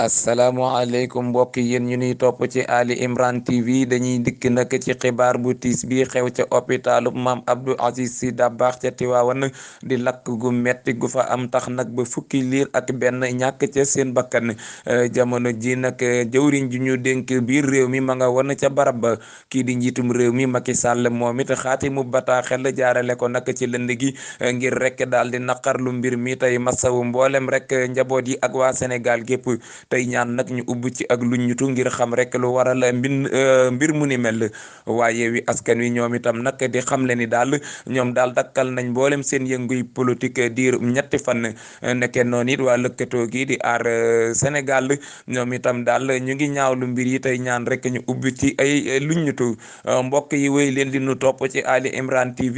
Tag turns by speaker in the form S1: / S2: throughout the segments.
S1: asalaamualeykum mbokk yéen ñu nuy topp ci Ali Imran TV dañuy dikk nag ci xibaar bu tiis bi xew ca hôpitalu maam Abdou Aziz Sy Dabakh ca Tiwaawan di lakk gu metti gu fa am tax nag ba fukki liir ak benn ñàkk ca seen bakkan eh, jamono ji nag eh, jëwriñ ju ñu dénk biir réew mi ma nga woon ca barab ba kii di njiitum réew mi Macky Sall moom mu xaatimu bataaxel jaarale ko nag ci lënd gi eh, ngir rek dal di naqarlu mbir mi tey masawu mboolem rek njaboot yi ak wa Sénégal gépp tey ñaan nag ñu ubb ci ak lu ñutu ngir xam rek lu waral mbin euh, mbir mu ni mel waaye wi askan wi ñoom itam nag di xam le ni daal ñoom daal dakkal nañ booleem seen yënguy politique diir ñetti fan nekkee noon it waa lëkkatoo gi di aar euh, Sénégal ñoom itam daal ñu ngi ñaawlu mbir yi tey ñaan rek ñu ubbi ci ay euh, lu ñutu mbokk yi wéy leen di nu topp ci Ali Imran TV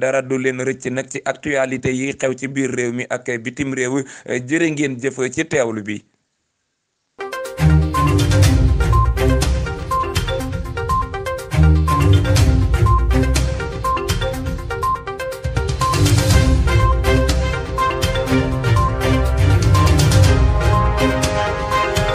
S1: dara du leen rëcc nag ci actualité yi xew ci biir réew mi ak bitim réew jërë ngeen jëf ci teewlu bi